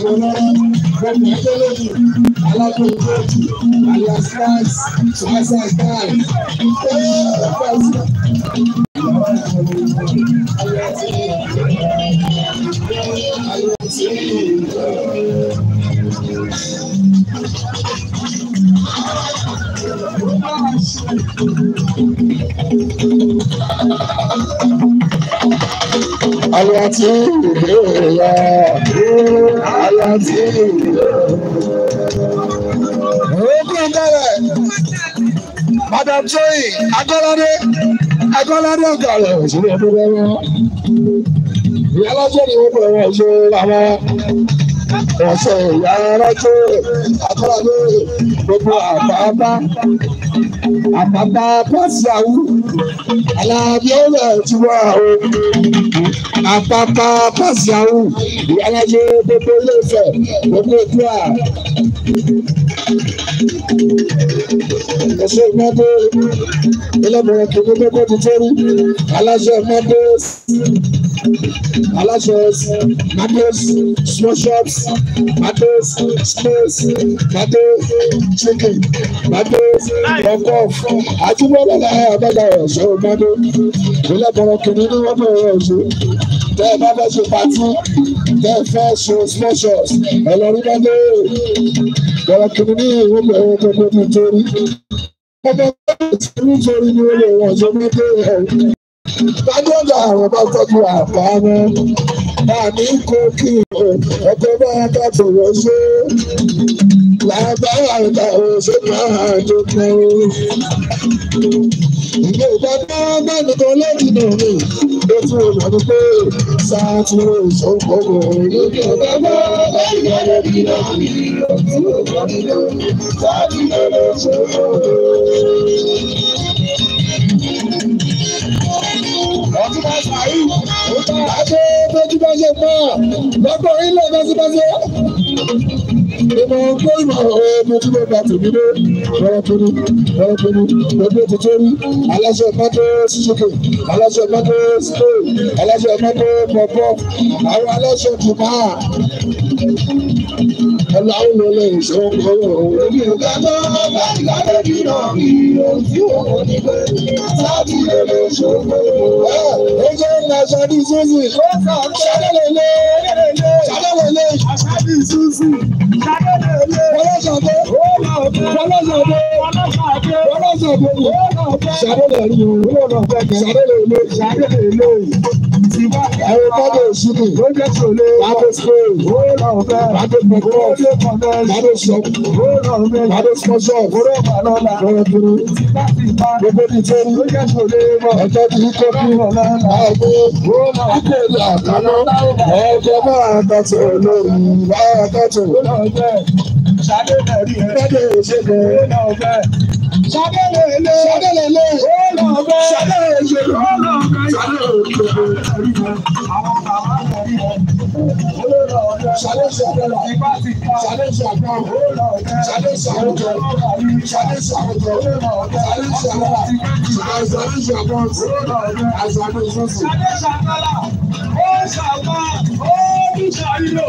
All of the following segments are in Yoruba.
Awolowo, Gómìnà Adeleke, Alábòye Kóòtù, láti ogún madam Joy. akọ́ládé akọ́ládé ọ̀gá rẹ̀ òṣèré ọdún bẹ́ẹ̀ wọ́n ìyá ẹsẹ̀ ìyá rántí àkọlé gbogbo àpáta àpáta pàṣẹwù aláàbí ọlẹ tí wọn o àpáta pàṣẹwù ìyá rántí gbogbo ilé-Ifẹ̀ gbogbo ìlú à. Ẹ̀sọ́ ìmọ̀dé ilé ìbẹ̀rẹ̀ kìíní gbogbo ti tẹ́rù aláṣẹ ìmọ̀dé. Adios, Alachos, Matos, Small Shops, Matos, Space, Matos, Chicken, Matos, Ọkọ̀, Àjùmọ̀lá láyé àbájá ọ̀ṣọ́ Mado, Ìlẹ́bọ̀rọ̀ kìnìún ní wọ́n bẹ̀rẹ̀ ọ̀ṣọ́. Tẹ́ ẹ bá fẹ́ ṣe pàtí, tẹ́ ẹ fẹ́ ṣe small shops, ẹ lọ rí Mado. Bọ̀rọ̀ kìnìún ní ìwé bẹ̀rẹ̀ ọ̀ṣọ́ tó ti torí. Ọmọ bẹ́ẹ̀ tí ó ń sọ ní olè wọ̀n ṣe mí ẹ̀. Lágbọ́dọ̀ àwọn bá tọ́jú àpamọ́. Àmì ń kó kí ọkọ̀ bá bá tòwọ́ ṣe. Làbáwá ìgbà òṣè máa dókè o. Ìgbé ìgbàgbọ́ bá nìkan lẹ́yìn náà mi. Ó tún lọ ní pé sáà tí ó sọ́kọ̀ bọ̀. Ìgbé ìgbàgbọ́ bá nìkan lẹ́yìn náà mi. Ó tún lọ ní pé sáà tí ó sọ́kọ̀ bọ̀. àṣẹ bójú bá ṣe mọ́ lọ́kọ̀ orílẹ̀ bá ṣe bá ṣe ọmọ ọgbọ́n ìmọ̀ ọmọ tí mo gbà tèmi lé ọlọ́pẹ́ni ọlọ́pẹ́ni ọdún tuntun rí aláṣẹ mọ́tò sísèké aláṣẹ mọ́tò sísèké aláṣẹ mọ́tò pọ̀pọ̀ àwọn aláṣẹ tùmọ̀ ọlọ́ àwọn ọlọ́ ìṣọ́ ọwọ́ ọwọ́. èmi ò gbàgbọ́ bá ti lábẹ́ bí náà bí ohun tí ó kò ní pẹ́ sáàbì lèrè ṣòfò. ó jẹ́ ìrìnàṣọ ní ìṣúsì. ṣàlẹ́ lè lè ṣàlẹ́ lè lè ṣàlẹ́ lè lè ṣàṣàbí ìṣúsì. Wọlọ́sàdé Wọlọ́sàdé Wọlọ́sàdé Sàdélè rí o, Sàdélè lè, Sàdélè lè. Ẹ̀rọ tọ́jú òṣìlì, Bàdé Spain, Bàdé Pẹ̀kọ́, Bàdé Sọ́kù, Bàdé Spọ́sọ̀, Bọ̀rọ̀ Dúró, gbogbo ní Tẹ́lú, ọ̀tọ́ ti kó kí àgbo, àkèlè àkànná, ọ̀jọ̀ máa tọ̀tù lórí, máa tọ̀tù. Ṣadé náà rí ẹ. Bẹ́ẹ̀ni òṣèlú ó lọ fẹ́. Ṣadé lè lé. Ṣadé lè lé. Ó lọ fẹ́. Ṣadé òṣèlú ó lọ fẹ́. Ṣadé òṣèlú ó rí ẹ. Àwọn bàbá náà rí ẹ. Ó lọ fẹ́. Ṣadé ṣàkóso. Ìbá ti ká. Ṣadé ṣàkóso. Ó lọ fẹ́. Ṣadé ṣàkóso. Ṣadé ṣàkóso. Ó lọ fẹ́. Ṣadé ṣàkóso. Ṣadé ṣàkóso. Ó lọ fẹ́. Ṣadé ṣàkóso. Ṣadé ṣàkóso. Ó ṣàkóso. Ó ń ṣàyílò.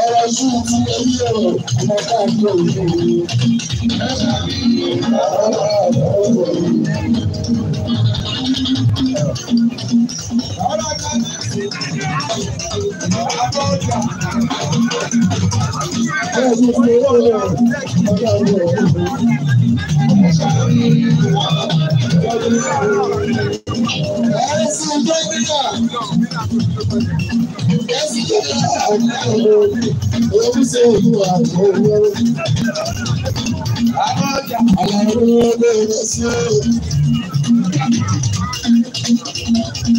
ọ̀rọ̀ yìí ti lè yí o ọmọ káàdì òyìnbó ni. Thank you. olórí ojúṣe olúwa owó. Àlàyé olóore sí òbí.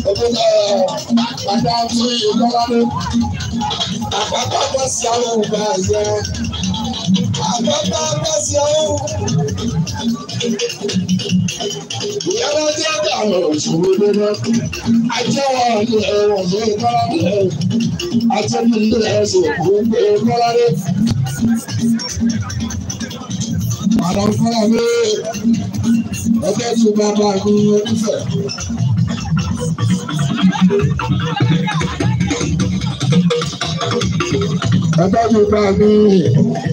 Òbúlọ̀ bàtà fún ìgbọ́láńdé. Àpapọ̀ bọ́ sí àwọn òbá yẹn. Àpapọ̀ bọ́ sí àwọn òbá. Ìyára tí ó dà lọ ìṣòro lọ́nà. Ajẹ́wọ̀ ni ẹ̀wọ̀n ní ìkọ́ládé ẹ̀wọ̀n. Atẹ́bí ilé ẹ̀sìn òkú ìkọ́ládé. Màdà fún mi ẹgbẹ́ tí bàbá mi onífẹ̀. Ẹgbẹ́ tí bàbá mi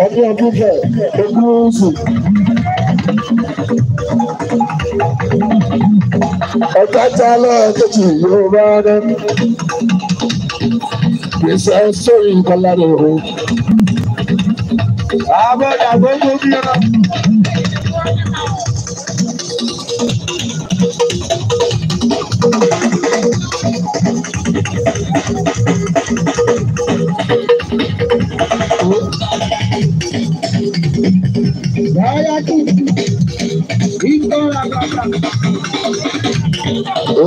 ọdún ọdún fẹ̀ ogún oṣù ọ̀tá tá a lọ́wọ́ kejì yóò bá rẹ̀ kì í sọ sórí nǹkan lára òun. àbọ̀dà gbogbo bí ọ̀rọ̀.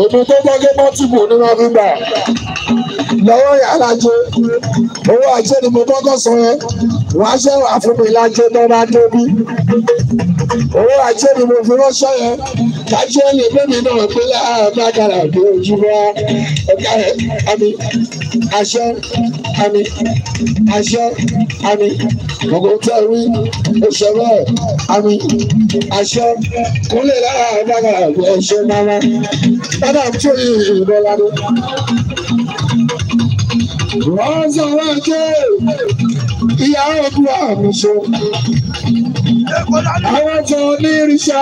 èmi tó gẹ́gẹ́ mọ́tìbù ní wọ́n fi gbà lọ́wọ́ yàrá jẹ owó àjẹ ni mo kọ́kọ́ sọ yẹn wọ́n á ṣe wà fún mi lájẹ tó bá débi owó àjẹ ni mo fi ránṣẹ́ yẹn lájẹ lè bẹ́mi náà pé láàárọ̀ ah, bá dára dé ojúmọ́ ọ̀gá rẹ̀ àmì àṣẹ àmì àṣẹ àmì gbogbo tẹ wí oṣù bẹ́ẹ̀ àmì àṣẹ kúnlẹ̀ lára àdága ẹ̀ṣẹ̀ mama dada tó yí ìrọ̀ládé. wọ́n sọ̀rọ̀ jẹ́ ìyàwó bu àmì so àwọn tó ní irisà.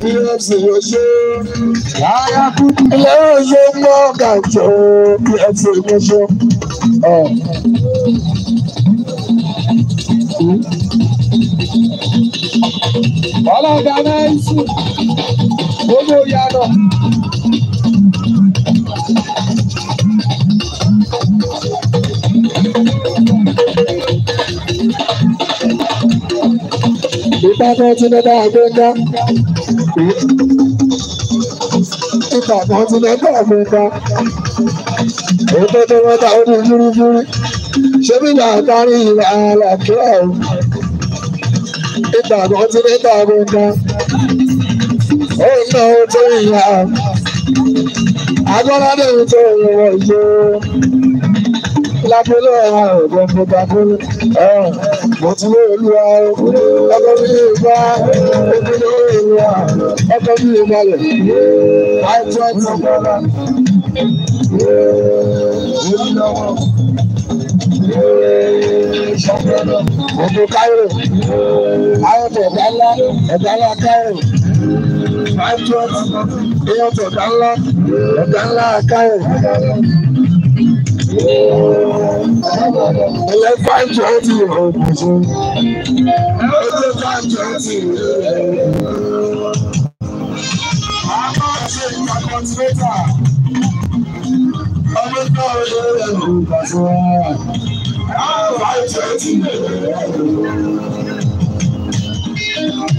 PFC oṣó. Yàrá kúkú. Ilé oṣó mọ́ gàjọ PFC oṣó. Ọlọ́dà náà ń sùn. Gbogbo ìyànà. Ìpàdé tí dá pé ìbàdàn ti lẹ́gbẹ́ mi kan òun tó tó wọ́n ta ó ní gúrúgúrú ṣé bí làákàrí ìlà àlàkíyà o ìbàdàn ti lẹ́gbẹ́ mi kan òun náà ó tó ìyá agbọ́nádé mi tó ìyẹn wọ̀ yìí lábúlé ọ̀hún ọ̀gbọ̀n gbogbo abúlé ọ̀hún mo ti lé olúwa ọkọ mi lè bá Cairo, Ayọ̀tọ̀ ẹ̀dá ńlá, Cairo, Five Trust, Ayọ̀tọ̀ Cairo ilé five twenty ọ̀gbọ̀n ilé five twenty. àbá ṣe ìgbà kọ́ńtínẹ́tà ọdún tó ń lé ọ̀gbọ̀n five twenty.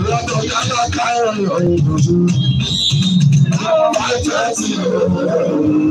lọ́dọ̀ yàrá káyọ̀ ọ̀gbọ̀n five twenty.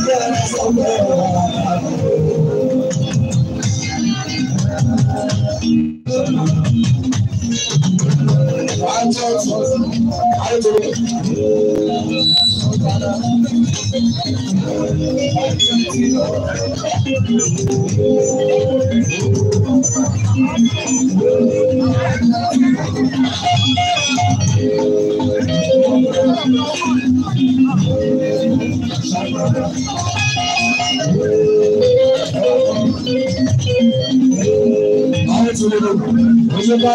Thank you.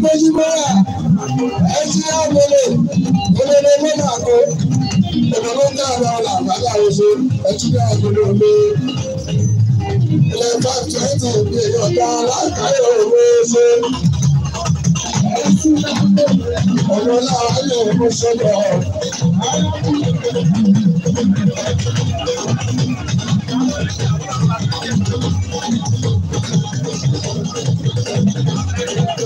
gbajúmọ́ra ẹtí àbẹ̀lẹ̀ olóòlò mọ́nà kó òdòdó ń dára ọ̀la àgbàlá oṣù ẹtí náà gbọdọ̀ lé ilẹ̀ bá twenty bí ọ̀dà alákàyọ̀ òwe ṣe. Ọmọ náà ayé òkú sọ́dọ̀. Thank you.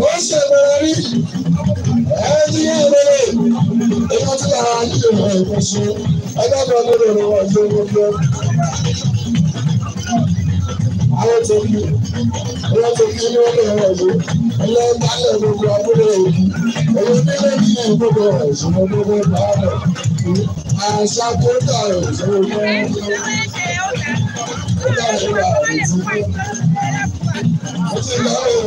wọ́n ṣe ìmọ̀ràn rí ẹni yẹn lọ́wọ́ èèyàn ti lára ayé rẹ̀ ìfọ̀sọ ẹgbẹ́ kan lọ́wọ́ rẹ̀ wọ́n yóò gbogbo. Àwọn tó kí wọ́n tó kí ní ọ̀dọ̀ ọ̀rọ̀ yìí ilé ìbálẹ̀ gbogbo abúlé òbí èyí nílé ní ìgbogbo ọ̀rọ̀ ìṣòro gbogbo ìbáàbọ̀ àṣà kódà ìṣòro gbogbo kódà ìṣòro àrètí. Mo ti lọ́wọ́.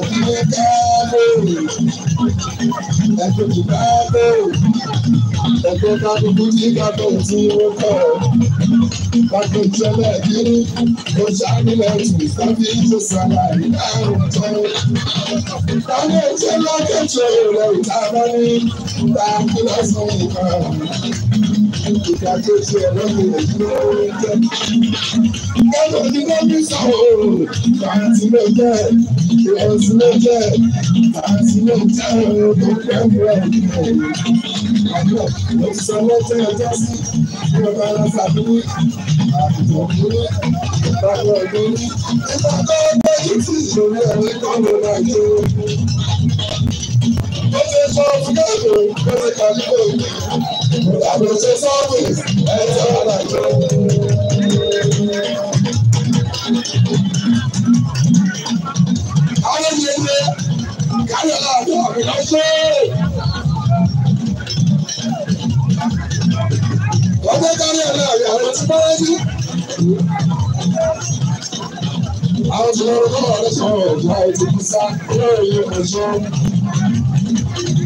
ẹ̀kúnlé káàbò ẹ̀kúnlé káàbò ẹ̀kúnlé káàbò ní káàbò tí ó kọ̀ káàbò tẹ́lẹ̀ kiri ó ṣàbílẹ̀ tù sábì tó sábà rí àrùn tán. káàbò tẹ́lẹ̀ kẹ́tù rẹ̀ ìta bá ní ìgbà tó ti ẹ̀rọ mi ò ní owó jẹ́. Ìgbàlọ́ ni wọ́n ní sọ̀rọ̀ àti ló jẹ́ ìrẹsì ló jẹ́ àti ló jẹ́ ọ̀rọ̀ tó fẹ́ mú ẹ̀ àjọ ìsanwó tẹ́ ẹjọ́ sí ìjọba aláṣàbíní àjọ̀gbọ́n ìbáwọ̀ ọ̀gbọ́n. Ìgbà tó ń bẹ́ẹ̀ tí ìṣòro ẹ̀rí kọ́ ló máa jẹ́ ó ti sọ fún kéèké ó ti kà ní kéèké àgbèsè sọ́ọ̀bù ẹ̀ ti padà jọ. àwọn yẹn ní káyọ̀ láàbù àbìlá ṣe é.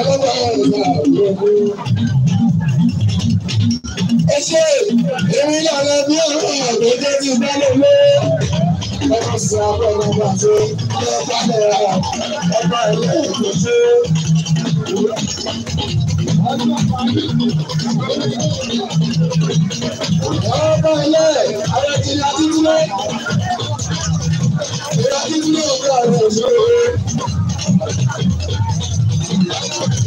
ẹ ṣe èmi lànà bí ọ̀rọ̀ àgbẹ̀jẹ̀ ti bá lè lé ọmọ sí abọ́ ọmọ àti ọmọ ìpàdé ara ọmọ ilé ìtòsí. ọmọ ilé àwọn ti ní atítúlẹ̀ ìyá títúlẹ̀ òkú àwọn òṣèré.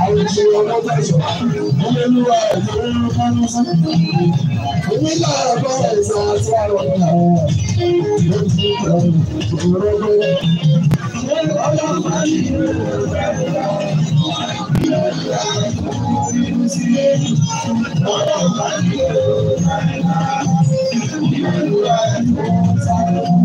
àwọn ìṣe ọmọ tẹ̀sán ọmọ olúwa ẹ̀jẹ̀ wọn kánú sí. Èmi náà bá ẹ̀sà àti àrọ̀ náà ìṣòro pé ọlọ́pàá yìí ló ń bá ẹ̀ka ọlọ́pàá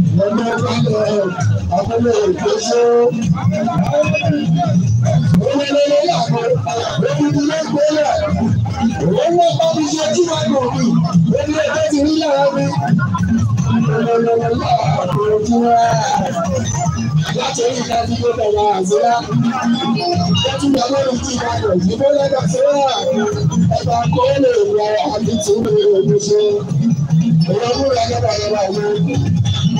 ọmọ ìpínlẹ̀ abúlé ìgbésó. Owó lórí àgbẹ̀ lórí ilé ìgbélẹ̀. Owó bá mi ṣe tí wàá gbò mí. Lórí ẹgbẹ́ ti rí yàrá mi. Láti orí ìta ti gbé bẹ̀rẹ̀ àṣírá. Lọ́tí ìgbà lórí ti ìbàdàn ìdíbò lẹ́gbàá sílẹ̀. Ẹ̀ka kó lè wọ àbí tí ó lè ṣe. Ìyọ̀bù rẹ̀ yẹ́bàyẹ́bà yẹn.